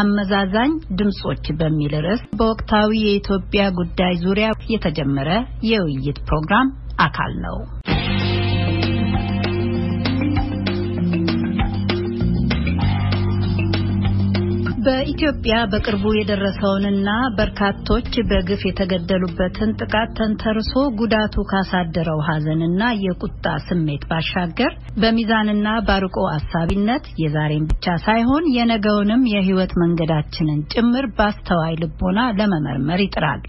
አመዛዛኝ ድምጾች በሚል ርዕስ በወቅታዊ የኢትዮጵያ ጉዳይ ዙሪያ የተጀመረ የውይይት ፕሮግራም አካል ነው። በኢትዮጵያ በቅርቡ የደረሰውንና በርካቶች በግፍ የተገደሉበትን ጥቃት ተንተርሶ ጉዳቱ ካሳደረው ሐዘንና የቁጣ ስሜት ባሻገር በሚዛንና ባርቆ አሳቢነት የዛሬን ብቻ ሳይሆን የነገውንም የሕይወት መንገዳችንን ጭምር በአስተዋይ ልቦና ለመመርመር ይጥራል።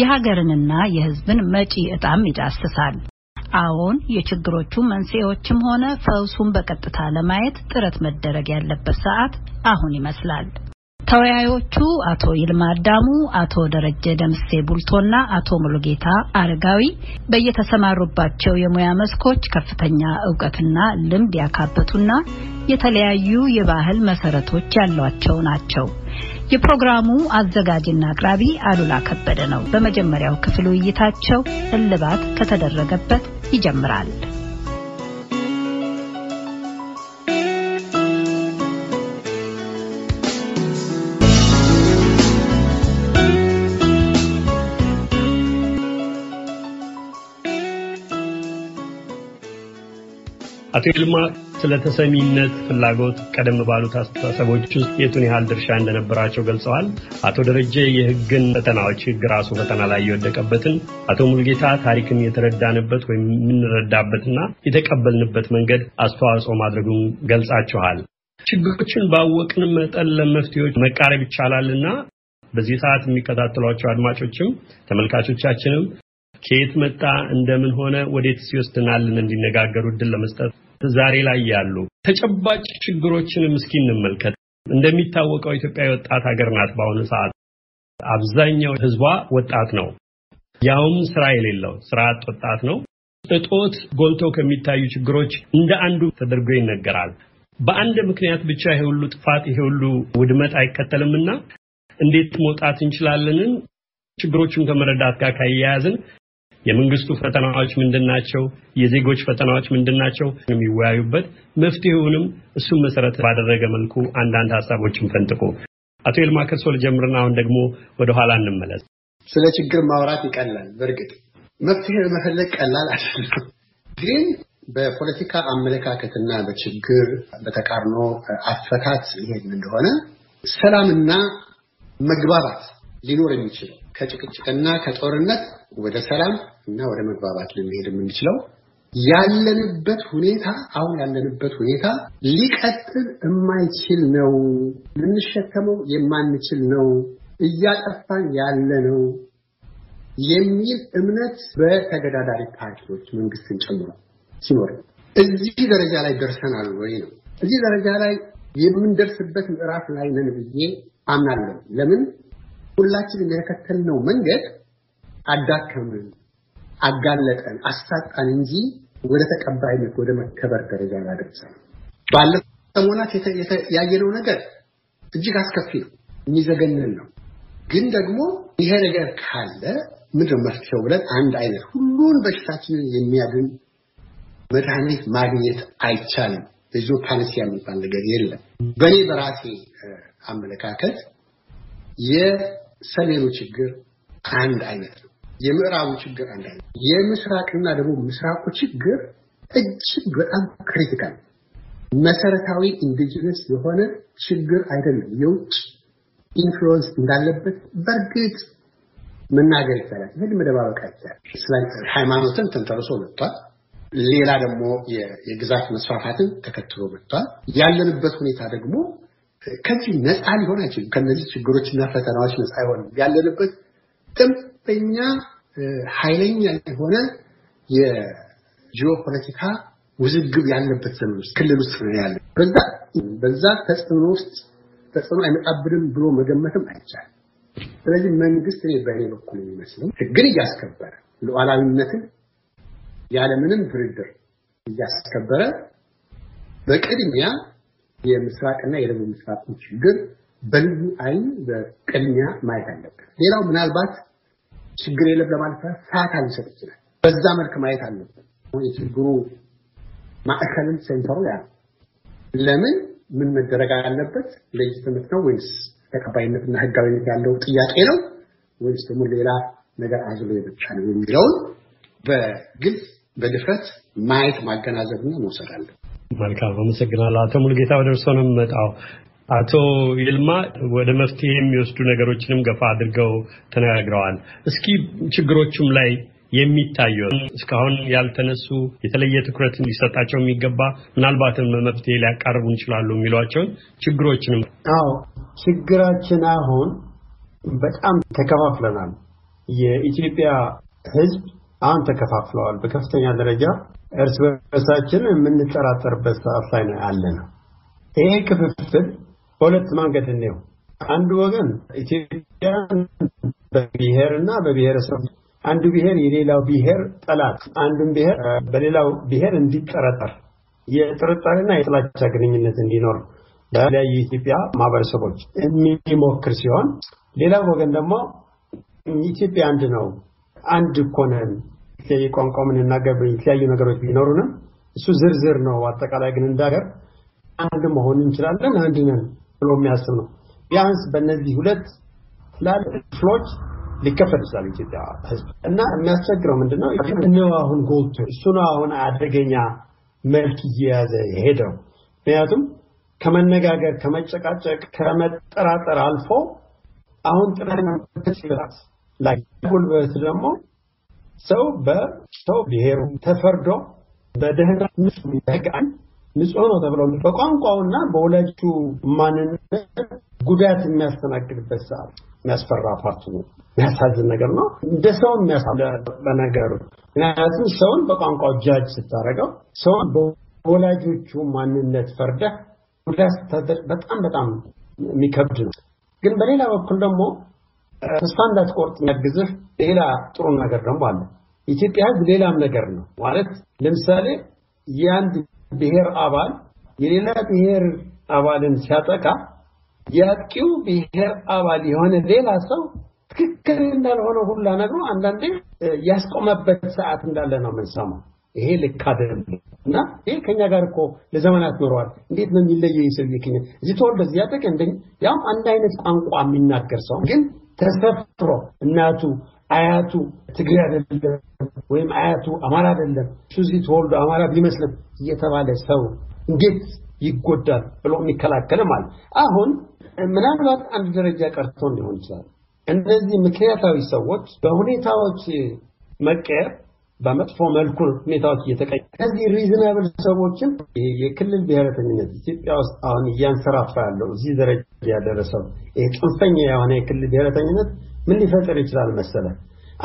የሀገርንና የሕዝብን መጪ ዕጣም ይዳስሳል። አዎን፣ የችግሮቹ መንስኤዎችም ሆነ ፈውሱን በቀጥታ ለማየት ጥረት መደረግ ያለበት ሰዓት አሁን ይመስላል። ተወያዮቹ አቶ ይልማ አዳሙ፣ አቶ ደረጀ ደምሴ ቡልቶና አቶ ሙሉጌታ አረጋዊ በየተሰማሩባቸው የሙያ መስኮች ከፍተኛ እውቀትና ልምድ ያካበቱና የተለያዩ የባህል መሰረቶች ያሏቸው ናቸው። የፕሮግራሙ አዘጋጅና አቅራቢ አሉላ ከበደ ነው። በመጀመሪያው ክፍል ውይይታቸው እልባት ከተደረገበት ይጀምራል። አቶ ይልማ ስለ ተሰሚነት ፍላጎት ቀደም ባሉት አስተሳሰቦች ውስጥ የቱን ያህል ድርሻ እንደነበራቸው ገልጸዋል። አቶ ደረጀ የሕግን ፈተናዎች ሕግ ራሱ ፈተና ላይ የወደቀበትን፣ አቶ ሙልጌታ ታሪክን የተረዳንበት ወይም የምንረዳበትና የተቀበልንበት መንገድ አስተዋጽኦ ማድረጉን ገልጻችኋል። ችግሮችን ባወቅን መጠን ለመፍትሄዎች መቃረብ ይቻላልና በዚህ ሰዓት የሚከታተሏቸው አድማጮችም ተመልካቾቻችንም ከየት መጣ እንደምን ሆነ ወዴት ሲወስድናልን እንዲነጋገሩ እድል ለመስጠት ዛሬ ላይ ያሉ ተጨባጭ ችግሮችንም እስኪ እንመልከት። እንደሚታወቀው ኢትዮጵያ የወጣት ሀገር ናት። በአሁኑ ሰዓት አብዛኛው ሕዝቧ ወጣት ነው፣ ያውም ስራ የሌለው ስራ አጥ ወጣት ነው። እጦት ጎልቶ ከሚታዩ ችግሮች እንደ አንዱ ተደርጎ ይነገራል። በአንድ ምክንያት ብቻ ይሄ ሁሉ ጥፋት ይሄ ሁሉ ውድመት አይከተልምና እንዴት መውጣት እንችላለንን? ችግሮቹን ከመረዳት ጋር ካያያዝን የመንግስቱ ፈተናዎች ምንድን ናቸው? የዜጎች ፈተናዎች ምንድን ናቸው? የሚወያዩበት መፍትሄውንም እሱን መሰረት ባደረገ መልኩ አንዳንድ ሀሳቦችን ፈንጥቁ። አቶ ይልማ ከርሶ ልጀምርና አሁን ደግሞ ወደኋላ እንመለስ። ስለ ችግር ማውራት ይቀላል። በእርግጥ መፍትሄ መፈለግ ቀላል አይደለም። ግን በፖለቲካ አመለካከትና በችግር በተቃርኖ አፈታት ይሄድ እንደሆነ ሰላምና መግባባት ሊኖር የሚችለው ከጭቅጭቅና ከጦርነት ወደ ሰላም እና ወደ መግባባት ልንሄድ የምንችለው ያለንበት ሁኔታ አሁን ያለንበት ሁኔታ ሊቀጥል የማይችል ነው፣ ልንሸከመው የማንችል ነው፣ እያጠፋን ያለ ነው የሚል እምነት በተገዳዳሪ ፓርቲዎች መንግስትን ጨምሮ ሲኖር እዚህ ደረጃ ላይ ደርሰናል ወይ ነው። እዚህ ደረጃ ላይ የምንደርስበት ምዕራፍ ላይ ነን ብዬ አምናለሁ። ለምን ሁላችንም የተከተልነው መንገድ አዳከምን፣ አጋለጠን፣ አሳጣን እንጂ ወደ ተቀባይነት ወደ መከበር ደረጃ አላደረሰንም። ባለፉት ሰሞናት ያየነው ነገር እጅግ አስከፊ ነው፣ የሚዘገንን ነው። ግን ደግሞ ይሄ ነገር ካለ ምንድን መፍትሄው ብለን አንድ አይነት ሁሉን በሽታችንን የሚያድን መድኃኒት ማግኘት አይቻልም። ብዙ ፓነሲያ የሚባል ነገር የለም። በእኔ በራሴ አመለካከት ሰሜኑ ችግር አንድ አይነት ነው። የምዕራቡ ችግር አንድ አይነት፣ የምስራቅና ደግሞ ምስራቁ ችግር እጅግ በጣም ክሪቲካል መሰረታዊ ኢንዲጂነስ የሆነ ችግር አይደለም። የውጭ ኢንፍሉዌንስ እንዳለበት በእርግጥ መናገር ይቻላል። ግን መደባበቅ ይቻላል። ሃይማኖትን ተንተርሶ መጥቷል። ሌላ ደግሞ የግዛት መስፋፋትን ተከትሎ መጥቷል። ያለንበት ሁኔታ ደግሞ ከዚህ ነፃ ሊሆን አይችልም። ከነዚህ ችግሮችና ፈተናዎች ነፃ አይሆንም። ያለንበት ጥምጠኛ ኃይለኛ የሆነ የጂኦፖለቲካ ውዝግብ ያለበት ዘመን ውስጥ ክልል ውስጥ ነው ያለ። በዛ በዛ ተጽዕኖ ውስጥ ተጽዕኖ አይመጣብንም ብሎ መገመትም አይቻልም። ስለዚህ መንግስት እኔ በእኔ በኩል የሚመስለው ሕግን እያስከበረ ሉዓላዊነትን ያለምንም ድርድር እያስከበረ በቅድሚያ የምስራቅና የደቡብ ምስራቁን ችግር በልዩ አይን በቅድሚያ ማየት አለብን። ሌላው ምናልባት ችግር የለም ለማለት ሰዓት ሊሰጥ ይችላል። በዛ መልክ ማየት አለብን። የችግሩ ማዕከልን ሴንተሩ ያ ለምን ምን መደረግ አለበት? ሌጅትመት ነው ወይስ ተቀባይነትና ህጋዊነት ያለው ጥያቄ ነው ወይስ ደግሞ ሌላ ነገር አዝሎ የብቻ ነው የሚለውን በግልጽ በድፍረት ማየት ማገናዘብና መውሰድ አለብን። መልካም አመሰግናለሁ። አቶ ሙሉጌታ ወደ እርስዎ ነው የምመጣው። አቶ ይልማ ወደ መፍትሄ የሚወስዱ ነገሮችንም ገፋ አድርገው ተነጋግረዋል። እስኪ ችግሮቹም ላይ የሚታየው እስካሁን ያልተነሱ የተለየ ትኩረት ሊሰጣቸው የሚገባ ምናልባትም መፍትሄ ሊያቀርቡ እንችላሉ የሚሏቸውን ችግሮችንም። አዎ ችግራችን አሁን በጣም ተከፋፍለናል። የኢትዮጵያ ሕዝብ አሁን ተከፋፍለዋል። በከፍተኛ ደረጃ እርስ በርሳችን የምንጠራጠርበት ሰዓት ላይ ነው ያለ ነው። ይሄ ክፍፍል በሁለት መንገድ እኔው አንዱ ወገን ኢትዮጵያን በብሔርና በብሔረሰብ አንዱ ብሔር የሌላው ብሔር ጠላት፣ አንዱም ብሔር በሌላው ብሔር እንዲጠረጠር የጥርጣሬና የጥላቻ ግንኙነት እንዲኖር በተለያዩ ኢትዮጵያ ማህበረሰቦች የሚሞክር ሲሆን ሌላው ወገን ደግሞ ኢትዮጵያ አንድ ነው፣ አንድ እኮነን። የተለያየ ቋንቋ የምንናገር የተለያዩ ነገሮች ቢኖሩንም እሱ ዝርዝር ነው። አጠቃላይ ግን እንዳገር አንድ መሆን እንችላለን፣ አንድ ነን ብሎ የሚያስብ ነው። ቢያንስ በእነዚህ ሁለት ትላልቅ ክፍሎች ሊከፈል ይችላል ኢትዮጵያ ሕዝብ እና የሚያስቸግረው ምንድነው እነው አሁን ጎልቶ እሱ ነው አሁን አደገኛ መልክ እየያዘ ሄደው። ምክንያቱም ከመነጋገር ከመጨቃጨቅ፣ ከመጠራጠር አልፎ አሁን ጥረት ላይ ጉልበት ደግሞ ሰው በሰው ብሔሩ ተፈርዶ በደህና ንጹህ ይጠቃል ንጹህ ነው ተብሎ በቋንቋውና በወላጁ ማንነት ጉዳት የሚያስተናግድበት ሰዓት የሚያስፈራ ፓርቱ ነው። የሚያሳዝን ነገር ነው። እንደ ሰው የሚያሳ በነገሩ ምክንያቱም ሰውን በቋንቋው ጃጅ ስታደረገው ሰውን በወላጆቹ ማንነት ፈርደህ ጉዳት በጣም በጣም የሚከብድ ነው። ግን በሌላ በኩል ደግሞ ተስፋ እንዳትቆርጥ የሚያግዝህ ሌላ ጥሩ ነገር ደግሞ አለ። ኢትዮጵያ ሕዝብ ሌላም ነገር ነው ማለት ለምሳሌ የአንድ ብሔር አባል የሌላ ብሔር አባልን ሲያጠቃ የአጥቂው ብሔር አባል የሆነ ሌላ ሰው ትክክል እንዳልሆነ ሁላ ነግሮ አንዳንዴ ያስቆመበት ሰዓት እንዳለ ነው የምንሰማው። ይሄ ልክ አይደለም እና ይሄ ከኛ ጋር እኮ ለዘመናት ኖረዋል። እንዴት ነው የሚለየው? ይሰው ይከኛ እዚህ ተወልደ እዚህ ያደገ እንደኛ ያም አንድ አይነት ቋንቋ የሚናገር ሰው ግን ተሰፍሮ እናቱ አያቱ ትግሬ አይደለም ወይም አያቱ አማራ አይደለም ሹዚ ተወልዶ አማራ ቢመስልም እየተባለ ሰው እንዴት ይጎዳል ብሎ የሚከላከል ማለት አሁን ምናልባት አንድ ደረጃ ቀርቶ ሊሆን ይችላል። እነዚህ ምክንያታዊ ሰዎች በሁኔታዎች መቀየር በመጥፎ መልኩ ሁኔታዎች እየተቀየ ከዚህ ሪዝናብል ሰዎችም የክልል ብሔረተኝነት ኢትዮጵያ ውስጥ አሁን እያንሰራፋ ያለው እዚህ ደረጃ ያደረሰው ይሄ ጽንፈኛ የሆነ የክልል ብሔረተኝነት ምን ሊፈጠር ይችላል መሰለ?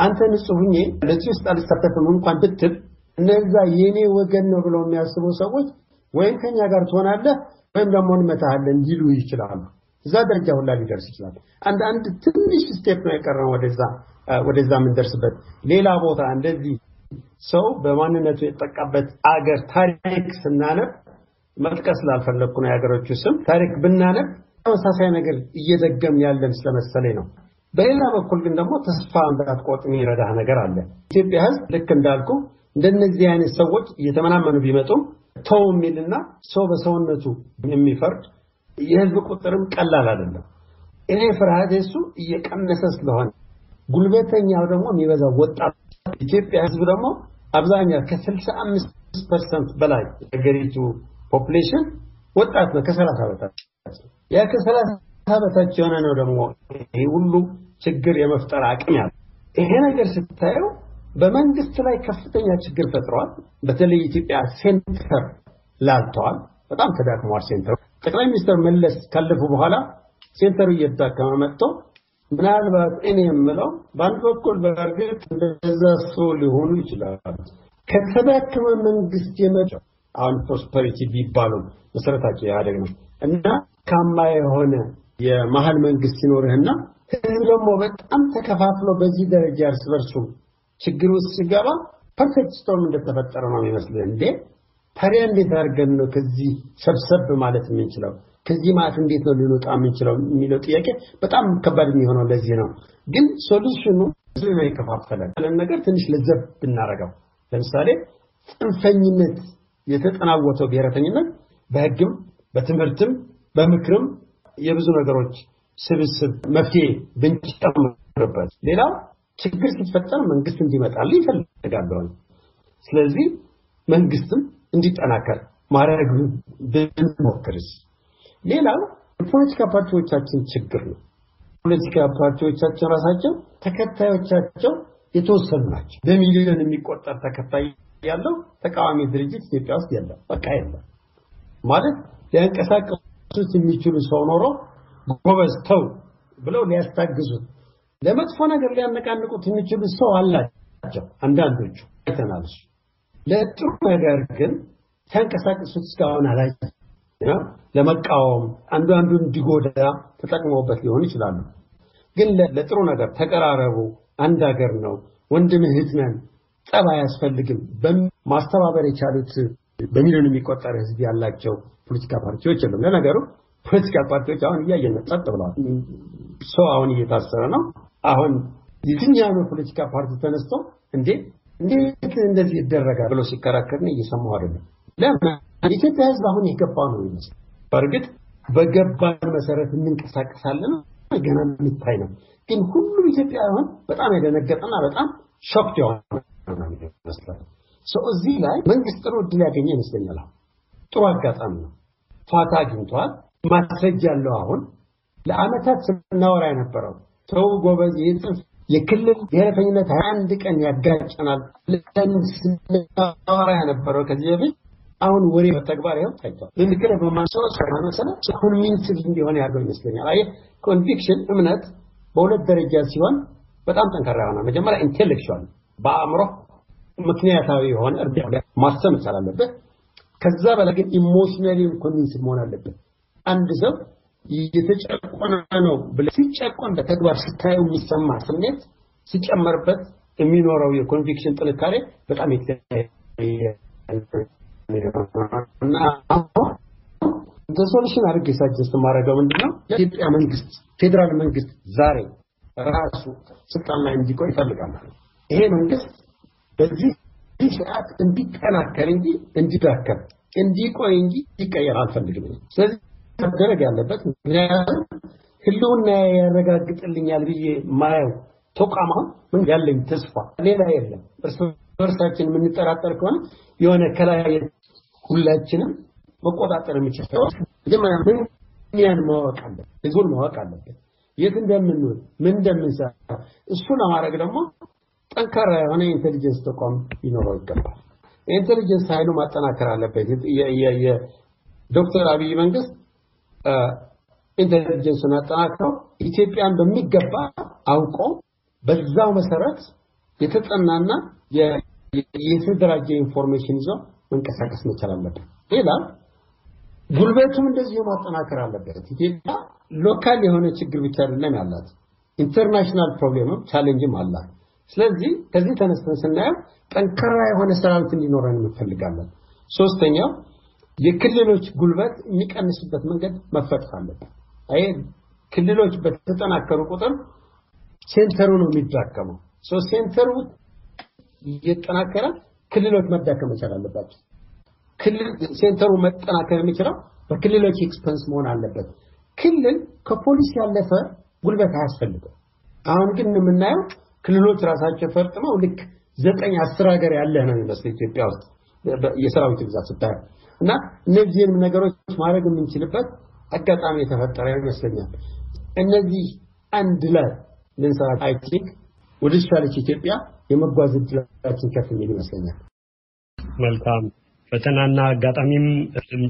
አንተ ንጹህ ሁኜ ለዚህ ውስጥ አልሳተፍም እንኳን ብትል እነዛ የእኔ ወገን ነው ብለው የሚያስቡ ሰዎች ወይም ከኛ ጋር ትሆናለህ ወይም ደግሞ እንመታሃለን ሊሉ ይችላሉ። እዛ ደረጃ ሁላ ሊደርስ ይችላል። አንድ አንድ ትንሽ ስቴፕ ነው የቀረን ወደዛ ወደዛ የምንደርስበት ሌላ ቦታ እንደዚህ ሰው በማንነቱ የተጠቃበት አገር ታሪክ ስናነብ መጥቀስ ላልፈለግኩ ነው የሀገሮቹ ስም ታሪክ ብናነብ ተመሳሳይ ነገር እየደገም ያለን ስለመሰለኝ ነው። በሌላ በኩል ግን ደግሞ ተስፋ ቆጥ የሚረዳህ ነገር አለ። ኢትዮጵያ ሕዝብ ልክ እንዳልኩ እንደነዚህ አይነት ሰዎች እየተመናመኑ ቢመጡም ተው የሚልና ሰው በሰውነቱ የሚፈርድ የህዝብ ቁጥርም ቀላል አይደለም። እኔ ፍርሃት እሱ እየቀነሰ ስለሆነ ጉልበተኛው ደግሞ የሚበዛው ወጣት ኢትዮጵያ ህዝብ ደግሞ አብዛኛው ከ65 ፐርሰንት በላይ የሀገሪቱ ፖፕሌሽን ወጣት ነው፣ ከ30 በታች ያ ከ በታች የሆነ ነው ደግሞ ሁሉ ችግር የመፍጠር አቅም ያለ ይሄ ነገር ስታየው በመንግስት ላይ ከፍተኛ ችግር ፈጥረዋል። በተለይ ኢትዮጵያ ሴንተር ላልተዋል፣ በጣም ተዳክሟል ሴንተሩ። ጠቅላይ ሚኒስትር መለስ ካለፉ በኋላ ሴንተሩ እየተዳከመ መጥቶ ምናልባት እኔ የምለው በአንድ በኩል በእርግጥ እንደዛ ሰው ሊሆኑ ይችላሉ። ከተዳከመ መንግስት የመጣው አሁን ፕሮስፐሪቲ ቢባለው መሰረታቸው ኢህአዴግ ነው እና ካማ የሆነ የመሀል መንግስት ሲኖርህና ህዝብ ደግሞ በጣም ተከፋፍሎ በዚህ ደረጃ እርስ በርሱ ችግር ውስጥ ሲገባ ፐርፌክት ስቶርም እንደተፈጠረ ነው የሚመስልህ። እንዴ ታዲያ እንዴት አድርገን ነው ከዚህ ሰብሰብ ማለት የምንችለው? ከዚህ ማለት እንዴት ነው ልንወጣ የምንችለው የሚለው ጥያቄ በጣም ከባድ የሚሆነው ለዚህ ነው። ግን ሶሉሽኑ ህዝብ ነው የከፋፈለን ያለን ነገር ትንሽ ለዘብ ብናደርገው፣ ለምሳሌ ጽንፈኝነት የተጠናወተው ብሔረተኝነት በህግም በትምህርትም በምክርም የብዙ ነገሮች ስብስብ መፍትሄ ብንጨምርበት፣ ሌላው ችግር ሲፈጠር መንግስት እንዲመጣል ይፈልጋለሆን። ስለዚህ መንግስትም እንዲጠናከር ማድረግ ብንሞክርስ ሌላው የፖለቲካ ፓርቲዎቻችን ችግር ነው። ፖለቲካ ፓርቲዎቻችን ራሳቸው ተከታዮቻቸው የተወሰኑ ናቸው። በሚሊዮን የሚቆጠር ተከታይ ያለው ተቃዋሚ ድርጅት ኢትዮጵያ ውስጥ የለም። በቃ የለም ማለት ሊያንቀሳቀሱት የሚችሉ ሰው ኖሮ ጎበዝ ተው ብለው ሊያስታግዙት ለመጥፎ ነገር ሊያነቃንቁት የሚችሉ ሰው አላቸው። አንዳንዶቹ አይተናል። ለጥሩ ነገር ግን ሲያንቀሳቅሱት እስካሁን አላየ ለመቃወም አንዱ አንዱ እንዲጎዳ ተጠቅመውበት ሊሆን ይችላሉ። ግን ለጥሩ ነገር ተቀራረቡ፣ አንድ ሀገር ነው፣ ወንድም እህት ነን፣ ጠብ አያስፈልግም ማስተባበር የቻሉት በሚሊዮን የሚቆጠር ህዝብ ያላቸው ፖለቲካ ፓርቲዎች የለም። ለነገሩ ፖለቲካ ፓርቲዎች አሁን እያየን ጸጥ ብለዋል። ሰው አሁን እየታሰረ ነው። አሁን የትኛው የፖለቲካ ፓርቲ ተነስቶ እንዴ እንዴት እንደዚህ ይደረጋል ብሎ ሲከራከርን እየሰማሁ አይደለም። ለምን የኢትዮጵያ ህዝብ አሁን የገባ ነው ይመስል በእርግጥ በገባን መሰረት እንንቀሳቀሳለን ገና የሚታይ ነው። ግን ሁሉም ኢትዮጵያውያን በጣም የደነገጠና በጣም ሾክት የሆነ ሰው እዚህ ላይ መንግስት ጥሩ እድል ያገኘ ይመስለኛል። ጥሩ አጋጣሚ ነው። ፋታ አግኝቷል። ማስረጃ ያለው አሁን ለአመታት ስናወራ የነበረው ሰው ጎበዝ ይህ የጽንፍ የክልል ብሔረተኝነት አንድ ቀን ያጋጨናል ስናወራ የነበረው ከዚህ በፊት አሁን ወሬ በተግባር ይኸው ታይቷል። ይህን ክለ በማንሰራ ሰማመሰለ ኮንቪንሲቭ እንዲሆን ያደርገው ይመስለኛል። አየህ ኮንቪክሽን እምነት በሁለት ደረጃ ሲሆን በጣም ጠንካራ ይሆናል። መጀመሪያ ኢንቴሌክቹዋል በአእምሮ ምክንያታዊ የሆነ እርዳታ ማሰብ መቻል አለበት። ከዛ በላይ ግን ኢሞሽናሊ ኮንቪንስ መሆን አለበት። አንድ ሰው የተጨቆነ ነው ብለህ ሲጨቆን በተግባር ስታየው የሚሰማ ስሜት ሲጨመርበት የሚኖረው የኮንቪክሽን ጥንካሬ በጣም የተለያየ ሶሉሽን አድርጌ ሳጀስት የማደርገው ምንድነው የኢትዮጵያ መንግስት ፌዴራል መንግስት ዛሬ ራሱ ስልጣን ላይ እንዲቆይ ይፈልጋል። ይሄ መንግስት በዚህ ስርዓት እንዲጠናከር እንጂ እንዲዳከም እንዲቆይ እንጂ ይቀየር አልፈልግም። ስለዚህ መደረግ ያለበት ምክንያቱም ህልውና ያረጋግጥልኛል ብዬ ማየው ተቋማ ምን ያለኝ ተስፋ ሌላ የለም። እርስ በርሳችን የምንጠራጠር ከሆነ የሆነ ከላይ ሁላችንም መቆጣጠር የሚችል መጀመሪያ እኛን ማወቅ አለብን፣ ህዝቡን ማወቅ አለብን፣ የት እንደምንውል ምን እንደምንሰራ። እሱን ለማድረግ ደግሞ ጠንካራ የሆነ ኢንቴሊጀንስ ተቋም ሊኖረው ይገባል። ኢንቴሊጀንስ ኃይሉ ማጠናከር አለበት። የዶክተር አብይ መንግስት ኢንቴሊጀንሱን አጠናክረው ኢትዮጵያን በሚገባ አውቆ በዛው መሰረት የተጠናና የተደራጀ ኢንፎርሜሽን ይዞ መንቀሳቀስ መቻል አለበት። ሌላ ጉልበቱም እንደዚሁ ማጠናከር አለበት። ኢትዮጵያ ሎካል የሆነ ችግር ብቻ አይደለም ያላት ኢንተርናሽናል ፕሮብሌምም ቻሌንጅም አላት። ስለዚህ ከዚህ ተነስተን ስናየው ጠንካራ የሆነ ሰራዊት እንዲኖረን እንፈልጋለን። ሶስተኛው የክልሎች ጉልበት የሚቀንስበት መንገድ መፈጠር አለበት። አይ ክልሎች በተጠናከሩ ቁጥር ሴንተሩ ነው የሚዳከመው። ሴንተሩ እየተጠናከረ ክልሎች መዳከም መቻል አለባቸው። ክልል ሴንተሩ መጠናከር የሚችለው በክልሎች ኤክስፐንስ መሆን አለበት። ክልል ከፖሊስ ያለፈ ጉልበት አያስፈልገው። አሁን ግን የምናየው ክልሎች ራሳቸው ፈርጥመው ልክ ዘጠኝ አስር ሀገር ያለ ነው የሚመስለው ኢትዮጵያ ውስጥ የሰራዊት ግዛት ስታየው እና እነዚህንም ነገሮች ማድረግ የምንችልበት አጋጣሚ የተፈጠረ ይመስለኛል። እነዚህ አንድ ላይ ልንሰራ አይ ቲንክ ወደ ተሻለች ኢትዮጵያ የመጓዝ እድላችን ከፍ የሚል ይመስለኛል። መልካም ፈተናና አጋጣሚም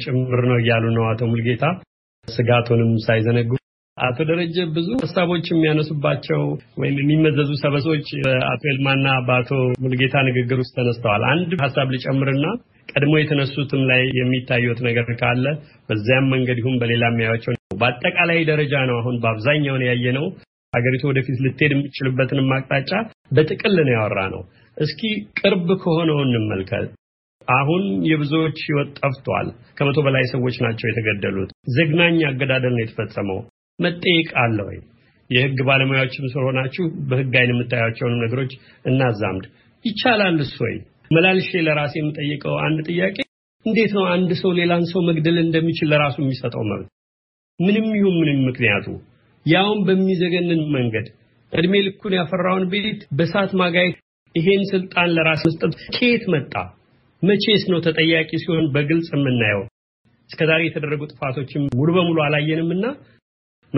ጭምር ነው እያሉ ነው አቶ ሙልጌታ ስጋቱንም ሳይዘነጉ አቶ ደረጀ ብዙ ሀሳቦች የሚያነሱባቸው ወይም የሚመዘዙ ሰበሶች በአቶ ኤልማና በአቶ ሙልጌታ ንግግር ውስጥ ተነስተዋል። አንድ ሀሳብ ልጨምርና ቀድሞ የተነሱትም ላይ የሚታዩት ነገር ካለ በዚያም መንገድ ይሁን በሌላ ነው። በአጠቃላይ ደረጃ ነው። አሁን በአብዛኛውን ያየ ነው ሀገሪቱ ወደፊት ልትሄድ የምትችልበትንም አቅጣጫ በጥቅል ነው ያወራ ነው። እስኪ ቅርብ ከሆነው እንመልከት። አሁን የብዙዎች ህይወት ጠፍቷል። ከመቶ በላይ ሰዎች ናቸው የተገደሉት። ዘግናኝ አገዳደል ነው የተፈጸመው። መጠየቅ አለ ወይ? የህግ ባለሙያዎችም ስለሆናችሁ በህግ አይን የምታያቸውንም ነገሮች እናዛምድ። ይቻላል እሱ ወይ? መላልሼ ለራሴ የምጠይቀው አንድ ጥያቄ እንዴት ነው አንድ ሰው ሌላን ሰው መግደል እንደሚችል ለራሱ የሚሰጠው መብት ምንም ይሁን ምንም ምክንያቱ ያውን በሚዘገንን መንገድ እድሜ ልኩን ያፈራውን ቤት በሳት ማጋየት ይሄን ስልጣን ለራስ መስጠት ከየት መጣ? መቼስ ነው ተጠያቂ ሲሆን በግልጽ የምናየው? እስከዛሬ የተደረጉ ጥፋቶችም ሙሉ በሙሉ አላየንም እና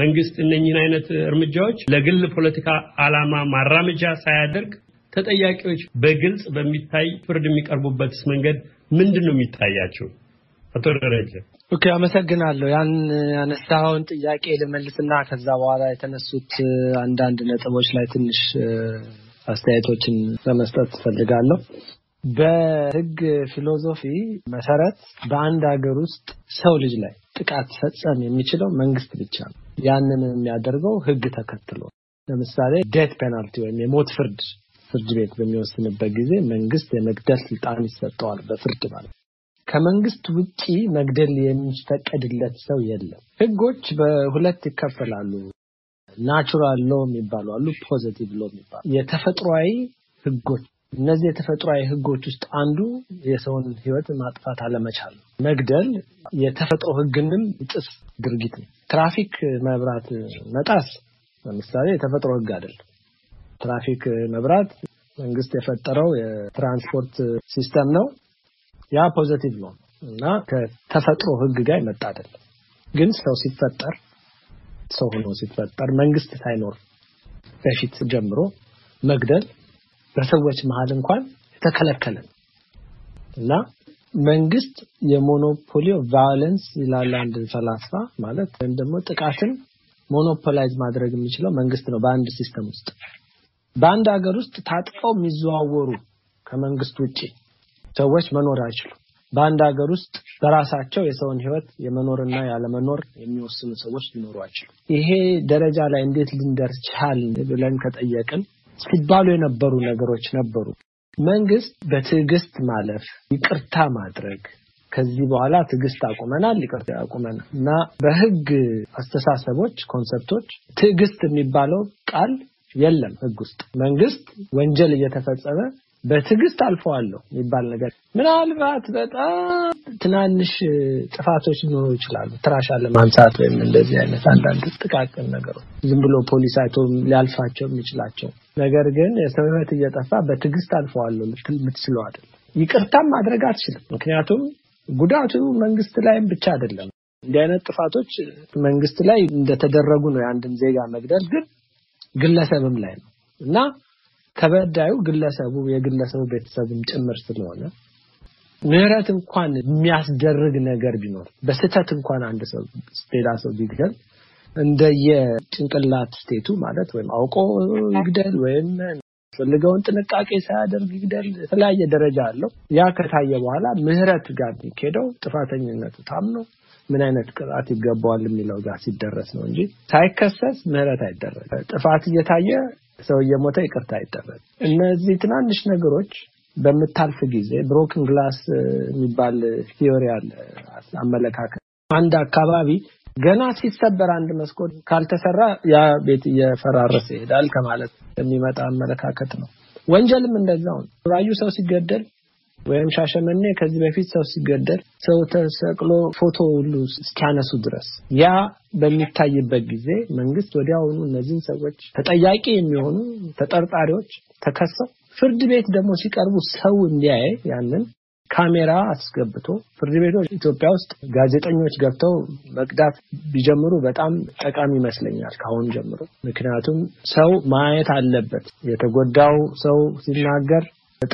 መንግስት እነኚህን አይነት እርምጃዎች ለግል ፖለቲካ ዓላማ ማራመጃ ሳያደርግ ተጠያቂዎች በግልጽ በሚታይ ፍርድ የሚቀርቡበት መንገድ ምንድን ነው የሚታያቸው? አቶ ደረጀ ኦኬ፣ አመሰግናለሁ። ያን ያነሳውን ጥያቄ ልመልስና ከዛ በኋላ የተነሱት አንዳንድ ነጥቦች ላይ ትንሽ አስተያየቶችን ለመስጠት ፈልጋለሁ በህግ ፊሎዞፊ መሰረት በአንድ ሀገር ውስጥ ሰው ልጅ ላይ ጥቃት ፈጸም የሚችለው መንግስት ብቻ ነው። ያንን የሚያደርገው ህግ ተከትሎ፣ ለምሳሌ ዴት ፔናልቲ ወይም የሞት ፍርድ ፍርድ ቤት በሚወስንበት ጊዜ መንግስት የመግደል ስልጣን ይሰጠዋል፣ በፍርድ ማለት ከመንግስት ውጪ መግደል የሚፈቀድለት ሰው የለም። ህጎች በሁለት ይከፈላሉ። ናቹራል ሎ የሚባሉ አሉ፣ ፖዘቲቭ ሎ የሚባሉ የተፈጥሯዊ ህጎች። እነዚህ የተፈጥሯዊ ህጎች ውስጥ አንዱ የሰውን ህይወት ማጥፋት አለመቻል ነው። መግደል የተፈጥሮ ህግንም ጥስ ድርጊት ነው። ትራፊክ መብራት መጣስ ለምሳሌ የተፈጥሮ ህግ አይደለም። ትራፊክ መብራት መንግስት የፈጠረው የትራንስፖርት ሲስተም ነው። ያ ፖዘቲቭ ነው እና ከተፈጥሮ ህግ ጋር ይመጣ አይደለም። ግን ሰው ሲፈጠር ሰው ሆኖ ሲፈጠር መንግስት ሳይኖር በፊት ጀምሮ መግደል በሰዎች መሀል እንኳን የተከለከለ እና መንግስት የሞኖፖሊ ቫዮለንስ ይላል አንድ ፈላስፋ። ማለት ወይም ደግሞ ጥቃትን ሞኖፖላይዝ ማድረግ የሚችለው መንግስት ነው። በአንድ ሲስተም ውስጥ በአንድ ሀገር ውስጥ ታጥቀው የሚዘዋወሩ ከመንግስት ውጭ ሰዎች መኖር አይችሉም። በአንድ ሀገር ውስጥ በራሳቸው የሰውን ህይወት የመኖርና ያለመኖር የሚወስኑ ሰዎች ሊኖሩ አይችሉም። ይሄ ደረጃ ላይ እንዴት ልንደርስ ቻል ብለን ከጠየቅን ሲባሉ የነበሩ ነገሮች ነበሩ። መንግስት በትዕግስት ማለፍ፣ ይቅርታ ማድረግ ከዚህ በኋላ ትዕግስት አቁመናል፣ ይቅርታ አቁመናል እና በህግ አስተሳሰቦች፣ ኮንሰፕቶች ትዕግስት የሚባለው ቃል የለም ህግ ውስጥ። መንግስት ወንጀል እየተፈጸመ በትዕግስት አልፈዋለሁ የሚባል ነገር ምናልባት በጣም ትናንሽ ጥፋቶች ሊኖሩ ይችላሉ። ትራሻ ለማንሳት ወይም እንደዚህ አይነት አንዳንድ ጥቃቅን ነገሮች ዝም ብሎ ፖሊስ አይቶ ሊያልፋቸው የሚችላቸው ነገር ግን የሰው ሕይወት እየጠፋ በትዕግስት አልፈዋለሁ ልትል የምትችለው አይደለም። ይቅርታም ማድረግ አትችልም። ምክንያቱም ጉዳቱ መንግስት ላይም ብቻ አይደለም። እንዲህ አይነት ጥፋቶች መንግስት ላይ እንደተደረጉ ነው የአንድን ዜጋ መግደል፣ ግን ግለሰብም ላይ ነው እና ተበዳዩ ግለሰቡ የግለሰቡ ቤተሰብም ጭምር ስለሆነ ምህረት እንኳን የሚያስደርግ ነገር ቢኖር በስህተት እንኳን አንድ ሰው ሌላ ሰው ቢገል እንደየ ጭንቅላት ስቴቱ ማለት ወይም አውቆ ይግደል ወይም ፈልገውን ጥንቃቄ ሳያደርግ ይግደል፣ የተለያየ ደረጃ አለው። ያ ከታየ በኋላ ምህረት ጋር የሚሄደው ጥፋተኝነቱ ታምኖ ምን አይነት ቅጣት ይገባዋል የሚለው ጋር ሲደረስ ነው እንጂ ሳይከሰስ ምህረት አይደረግ። ጥፋት እየታየ ሰው እየሞተ ይቅርታ አይጠበቅ። እነዚህ ትናንሽ ነገሮች በምታልፍ ጊዜ ብሮክን ግላስ የሚባል ቲዮሪ አለ፣ አመለካከት አንድ አካባቢ ገና ሲሰበር አንድ መስኮት ካልተሰራ ያ ቤት እየፈራረሰ ይሄዳል ከማለት የሚመጣ አመለካከት ነው። ወንጀልም እንደዛው ነው። ራዩ ሰው ሲገደል ወይም ሻሸመኔ ከዚህ በፊት ሰው ሲገደል ሰው ተሰቅሎ ፎቶ ሁሉ እስኪያነሱ ድረስ ያ በሚታይበት ጊዜ መንግስት ወዲያውኑ እነዚህን ሰዎች ተጠያቂ የሚሆኑ ተጠርጣሪዎች ተከሰው ፍርድ ቤት ደግሞ ሲቀርቡ ሰው እንዲያይ ያንን ካሜራ አስገብቶ ፍርድ ቤቶች ኢትዮጵያ ውስጥ ጋዜጠኞች ገብተው መቅዳት ቢጀምሩ በጣም ጠቃሚ ይመስለኛል ከአሁን ጀምሮ። ምክንያቱም ሰው ማየት አለበት። የተጎዳው ሰው ሲናገር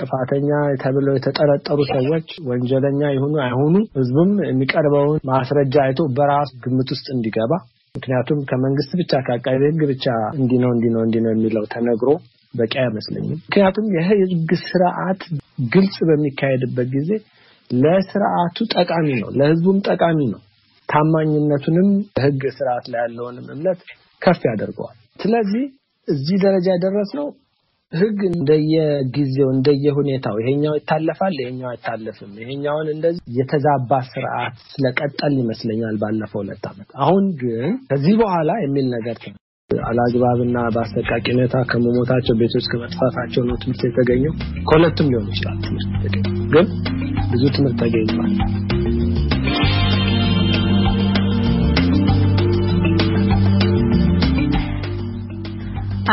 ጥፋተኛ ተብለው የተጠረጠሩ ሰዎች ወንጀለኛ ይሁኑ አይሁኑ ህዝቡም የሚቀርበውን ማስረጃ አይቶ በራሱ ግምት ውስጥ እንዲገባ ምክንያቱም ከመንግስት ብቻ ከአቃቢ ህግ ብቻ እንዲነው እንዲነው እንዲነው የሚለው ተነግሮ በቂ አይመስለኝም። ምክንያቱም የህግ ስርዓት ግልጽ በሚካሄድበት ጊዜ ለስርዓቱ ጠቃሚ ነው፣ ለህዝቡም ጠቃሚ ነው። ታማኝነቱንም ህግ ስርዓት ላይ ያለውንም እምነት ከፍ ያደርገዋል። ስለዚህ እዚህ ደረጃ የደረስነው ህግ እንደየጊዜው እንደየሁኔታው ይሄኛው ይታለፋል፣ ይሄኛው አይታለፍም። ይሄኛውን እንደዚህ የተዛባ ስርዓት ስለቀጠል ይመስለኛል ባለፈው ሁለት ዓመት። አሁን ግን ከዚህ በኋላ የሚል ነገር አላግባብና በአሰቃቂ ሁኔታ ከመሞታቸው ቤቶች ከመጥፋታቸው ነው ትምህርት የተገኘው። ከሁለቱም ሊሆን ይችላል ትምህርት ግን ብዙ ትምህርት ተገኝቷል።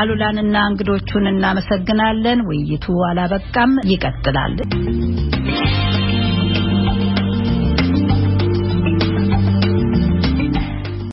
አሉላንና እንግዶቹን እናመሰግናለን። ውይይቱ አላበቃም፣ ይቀጥላል።